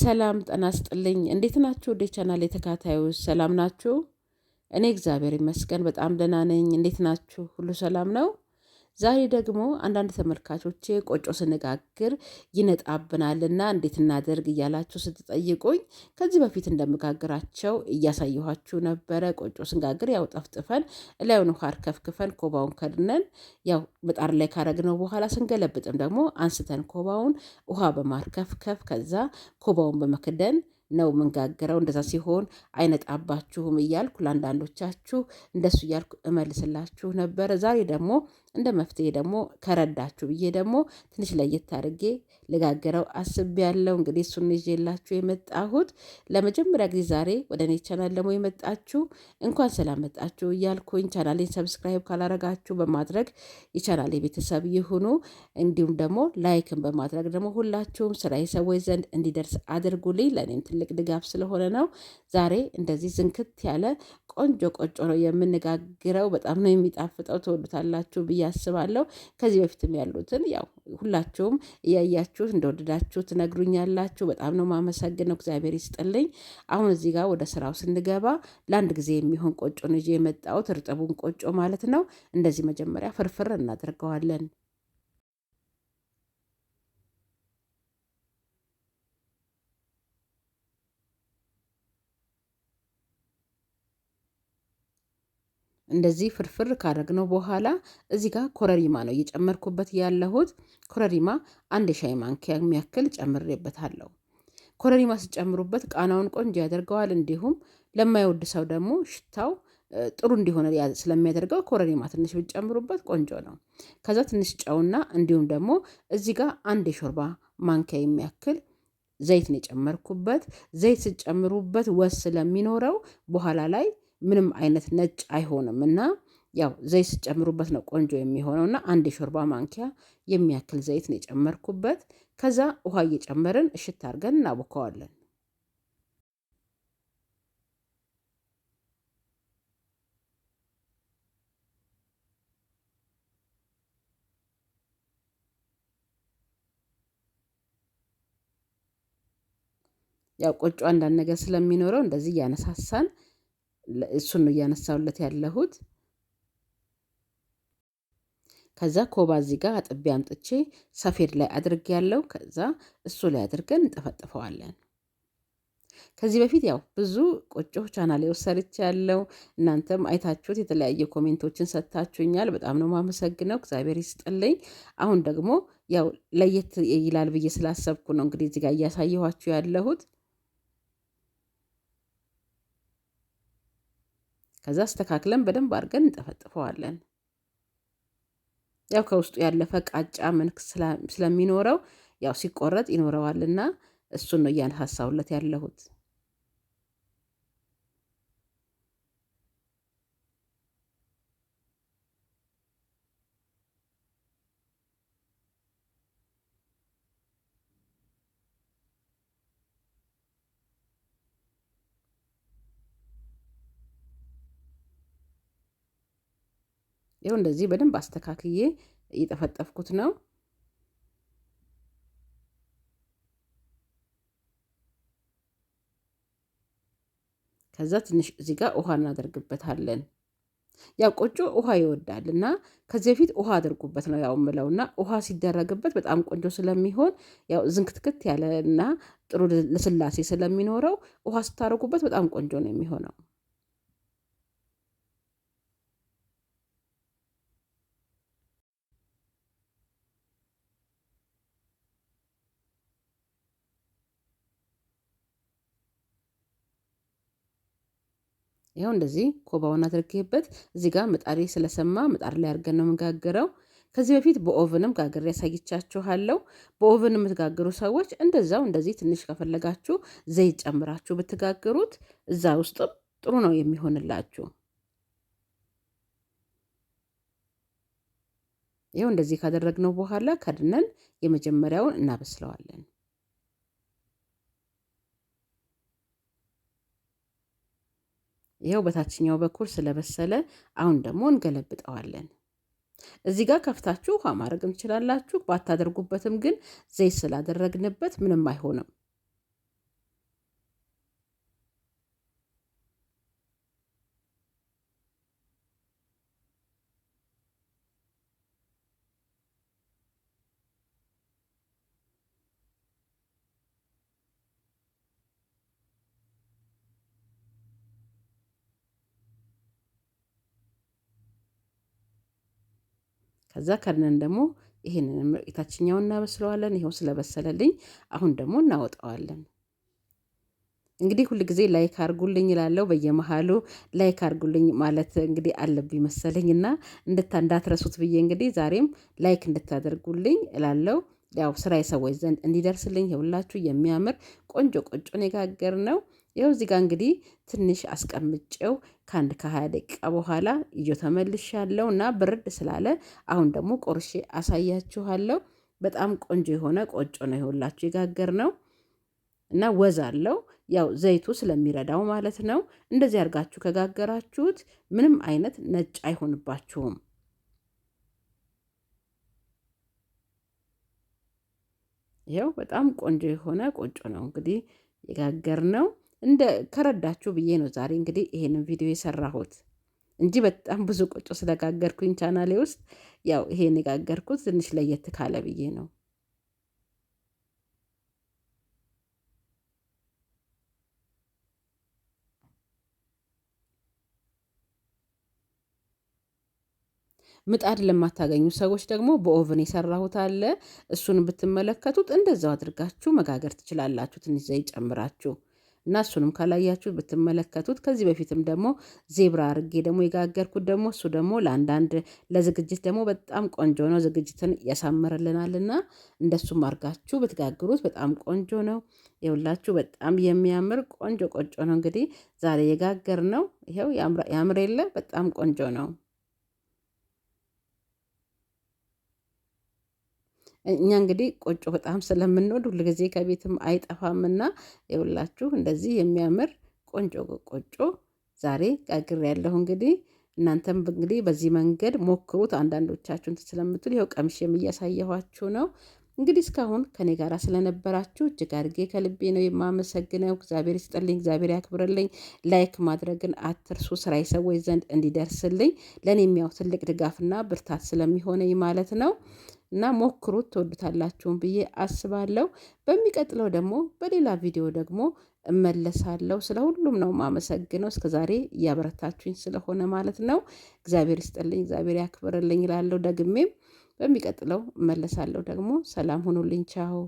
ሰላም ጠና ስጥልኝ እንዴት ናችሁ? ወደ ቻናል የተካታዩ ሰላም ናችሁ? እኔ እግዚአብሔር ይመስገን በጣም ደህና ነኝ። እንዴት ናችሁ? ሁሉ ሰላም ነው? ዛሬ ደግሞ አንዳንድ ተመልካቾቼ ቆጮ ስንጋግር ይነጣብናልና እንዴት እናደርግ እያላችሁ ስትጠይቁኝ ከዚህ በፊት እንደምጋግራቸው እያሳየኋችሁ ነበረ። ቆጮ ስንጋግር ያው ጠፍጥፈን እላዩን ውሃ ከፍክፈን ኮባውን ከድነን ያው ምጣድ ላይ ካረግነው በኋላ ስንገለብጥም ደግሞ አንስተን ኮባውን ውሃ በማርከፍከፍ ከዛ ኮባውን በመክደን ነው የምንጋግረው። እንደዛ ሲሆን አይነጣባችሁም እያልኩ ለአንዳንዶቻችሁ እንደሱ እያልኩ እመልስላችሁ ነበረ። ዛሬ ደግሞ እንደ መፍትሄ ደግሞ ከረዳችሁ ብዬ ደግሞ ትንሽ ለየት አድርጌ ልጋገረው አስቤያለሁ። እንግዲህ እሱን ይዤላችሁ የመጣሁት ለመጀመሪያ ጊዜ ዛሬ ወደ እኔ ቻናል ደግሞ የመጣችሁ እንኳን ሰላም እያልኩኝ ቻናሌን ሰብስክራይብ ካላረጋችሁ በማድረግ የቻናሌ ቤተሰብ ይሁኑ። እንዲሁም ደግሞ ላይክን በማድረግ ደግሞ ሁላችሁም ስራ የሰዎች ዘንድ እንዲደርስ አድርጉልኝ። ለእኔም ትልቅ ድጋፍ ስለሆነ ነው። ዛሬ እንደዚህ ዝንክት ያለ ቆንጆ ቆጮ ነው የምንጋግረው። በጣም ነው የሚጣፍጠው። ትወዱታላችሁ ብዬ ብዬ አስባለሁ። ከዚህ በፊትም ያሉትን ያው ሁላችሁም እያያችሁት እንደወደዳችሁ ትነግሩኛላችሁ። በጣም ነው ማመሰግነው። እግዚአብሔር ይስጥልኝ። አሁን እዚህ ጋር ወደ ስራው ስንገባ ለአንድ ጊዜ የሚሆን ቆጮ ነው ይዤ የመጣሁት፣ እርጥቡን ቆጮ ማለት ነው። እንደዚህ መጀመሪያ ፍርፍር እናደርገዋለን። እንደዚህ ፍርፍር ካደረግነው በኋላ እዚህ ጋር ኮረሪማ ነው እየጨመርኩበት ያለሁት። ኮረሪማ አንድ የሻይ ማንኪያ የሚያክል ጨምሬበታለሁ። ኮረሪማ ሲጨምሩበት ቃናውን ቆንጆ ያደርገዋል። እንዲሁም ለማይወድ ሰው ደግሞ ሽታው ጥሩ እንዲሆነ ስለሚያደርገው ኮረሪማ ትንሽ ብጨምሩበት ቆንጆ ነው። ከዛ ትንሽ ጨውና እንዲሁም ደግሞ እዚህ ጋር አንድ የሾርባ ማንኪያ የሚያክል ዘይት ነው የጨመርኩበት። ዘይት ስጨምሩበት ወስ ስለሚኖረው በኋላ ላይ ምንም አይነት ነጭ አይሆንም እና ያው ዘይት ስጨምሩበት ነው ቆንጆ የሚሆነው እና አንድ የሾርባ ማንኪያ የሚያክል ዘይት ነው የጨመርኩበት። ከዛ ውሃ እየጨመርን እሽት አድርገን እናቦከዋለን። ያው ቆጮ አንዳንድ ነገር ስለሚኖረው እንደዚህ እያነሳሳን እሱን ነው እያነሳሁለት ያለሁት። ከዛ ኮባ እዚህ ጋር አጥቤ አምጥቼ ሰፌድ ላይ አድርግ ያለው ከዛ እሱ ላይ አድርገን እንጠፈጥፈዋለን። ከዚህ በፊት ያው ብዙ ቆጮ ቻናሌ ሰርች ያለው እናንተም አይታችሁት የተለያየ ኮሜንቶችን ሰጥታችሁኛል። በጣም ነው ማመሰግነው፣ እግዚአብሔር ይስጥልኝ። አሁን ደግሞ ያው ለየት ይላል ብዬ ስላሰብኩ ነው እንግዲህ እዚህ ጋር እያሳየኋችሁ ያለሁት። ከዛ አስተካክለን በደንብ አድርገን እንጠፈጥፈዋለን። ያው ከውስጡ ያለፈ ቃጫ መልክ ስለሚኖረው ያው ሲቆረጥ ይኖረዋልና እሱን ነው እያነሳሳሁለት ያለሁት። ይኸው እንደዚህ በደንብ አስተካክዬ እየጠፈጠፍኩት ነው። ከዛ ትንሽ እዚህ ጋር ውሃ እናደርግበታለን። ያው ቆጮ ውሃ ይወዳል እና ከዚህ በፊት ውሃ አድርጉበት ነው ያው ምለው እና ውሃ ሲደረግበት በጣም ቆንጆ ስለሚሆን ያው ዝንክትክት ያለ እና ጥሩ ልስላሴ ስለሚኖረው ውሃ ስታደርጉበት በጣም ቆንጆ ነው የሚሆነው። ይኸው እንደዚህ ኮባውን አድርጌበት እዚህ ጋር ምጣሪ ስለሰማ ምጣድ ላይ አድርገን ነው የምንጋግረው። ከዚህ በፊት በኦቨንም ጋግሬ ያሳይቻችኋለሁ። በኦቨን የምትጋግሩ ሰዎች እንደዛው እንደዚህ ትንሽ ከፈለጋችሁ ዘይት ጨምራችሁ ብትጋግሩት እዛ ውስጥም ጥሩ ነው የሚሆንላችሁ። ይኸው እንደዚህ ካደረግነው በኋላ ከድነን የመጀመሪያውን እናበስለዋለን። ይኸው በታችኛው በኩል ስለበሰለ አሁን ደግሞ እንገለብጠዋለን። እዚህ ጋር ከፍታችሁ ውሃ ማድረግ እንችላላችሁ። ባታደርጉበትም ግን ዘይት ስላደረግንበት ምንም አይሆንም። ከዛ ከድነን ደግሞ ይሄንን የታችኛውን እናበስለዋለን። ይኸው ስለበሰለልኝ አሁን ደግሞ እናወጣዋለን። እንግዲህ ሁል ጊዜ ላይክ አርጉልኝ ላለው በየመሃሉ ላይክ አርጉልኝ ማለት እንግዲህ አለብኝ መሰለኝ እና እንድታ እንዳትረሱት ብዬ እንግዲህ ዛሬም ላይክ እንድታደርጉልኝ ላለው ያው ስራ የሰዎች ዘንድ እንዲደርስልኝ የሁላችሁ የሚያምር ቆንጆ ቆጮን የጋገር ነው ይኸው እዚህ ጋር እንግዲህ ትንሽ አስቀምጬው ከአንድ ከሀያ ደቂቃ በኋላ ይዞ ተመልሻለሁ እና ብርድ ስላለ አሁን ደግሞ ቆርሼ አሳያችኋለሁ። በጣም ቆንጆ የሆነ ቆጮ ነው ይሆላችሁ የጋገር ነው እና ወዝ አለው ያው ዘይቱ ስለሚረዳው ማለት ነው። እንደዚህ አድርጋችሁ ከጋገራችሁት ምንም አይነት ነጭ አይሆንባችሁም። ይኸው በጣም ቆንጆ የሆነ ቆጮ ነው እንግዲህ የጋገር ነው። እንደ ከረዳችሁ ብዬ ነው ዛሬ እንግዲህ ይሄንን ቪዲዮ የሰራሁት እንጂ በጣም ብዙ ቆጮ ስለጋገርኩኝ ቻናሌ ውስጥ ያው ይሄን የጋገርኩት ትንሽ ለየት ካለ ብዬ ነው። ምጣድ ለማታገኙ ሰዎች ደግሞ በኦቨን የሰራሁት አለ። እሱን ብትመለከቱት እንደዛው አድርጋችሁ መጋገር ትችላላችሁ። ትንሽ ዘይት ጨምራችሁ እና እሱንም ካላያችሁ ብትመለከቱት ከዚህ በፊትም ደግሞ ዜብራ አርጌ ደግሞ የጋገርኩት ደግሞ እሱ ደግሞ ለአንዳንድ ለዝግጅት ደግሞ በጣም ቆንጆ ነው። ዝግጅትን ያሳምርልናልና እንደሱም አርጋችሁ ብትጋግሩት በጣም ቆንጆ ነው። ይኸውላችሁ በጣም የሚያምር ቆንጆ ቆጮ ነው። እንግዲህ ዛሬ የጋገር ነው። ይኸው ያምር የለ በጣም ቆንጆ ነው። እኛ እንግዲህ ቆጮ በጣም ስለምንወድ ሁልጊዜ ከቤትም አይጠፋምና የውላችሁ እንደዚህ የሚያምር ቆንጆ ቆጮ ዛሬ ጋግሬ ያለሁ እንግዲህ እናንተም እንግዲህ በዚህ መንገድ ሞክሩት። አንዳንዶቻችሁን ስለምትል ይኸው ቀምሼም እያሳየኋችሁ ነው። እንግዲህ እስካሁን ከኔ ጋር ስለነበራችሁ እጅግ አድርጌ ከልቤ ነው የማመሰግነው። እግዚአብሔር ይስጥልኝ፣ እግዚአብሔር ያክብርልኝ። ላይክ ማድረግን አትርሱ፣ ስራ ሰዎች ዘንድ እንዲደርስልኝ ለእኔ የሚያው ትልቅ ድጋፍና ብርታት ስለሚሆነኝ ማለት ነው። እና ሞክሩት ትወዱታላችሁን ብዬ አስባለሁ። በሚቀጥለው ደግሞ በሌላ ቪዲዮ ደግሞ እመለሳለሁ። ስለ ሁሉም ነው እስከ እስከዛሬ እያበረታችሁኝ ስለሆነ ማለት ነው። እግዚአብሔር ይስጥልኝ፣ እግዚአብሔር ያክብርልኝ እላለሁ ደግሜም በሚቀጥለው እመለሳለሁ። ደግሞ ሰላም ሁኑልኝ። ቻው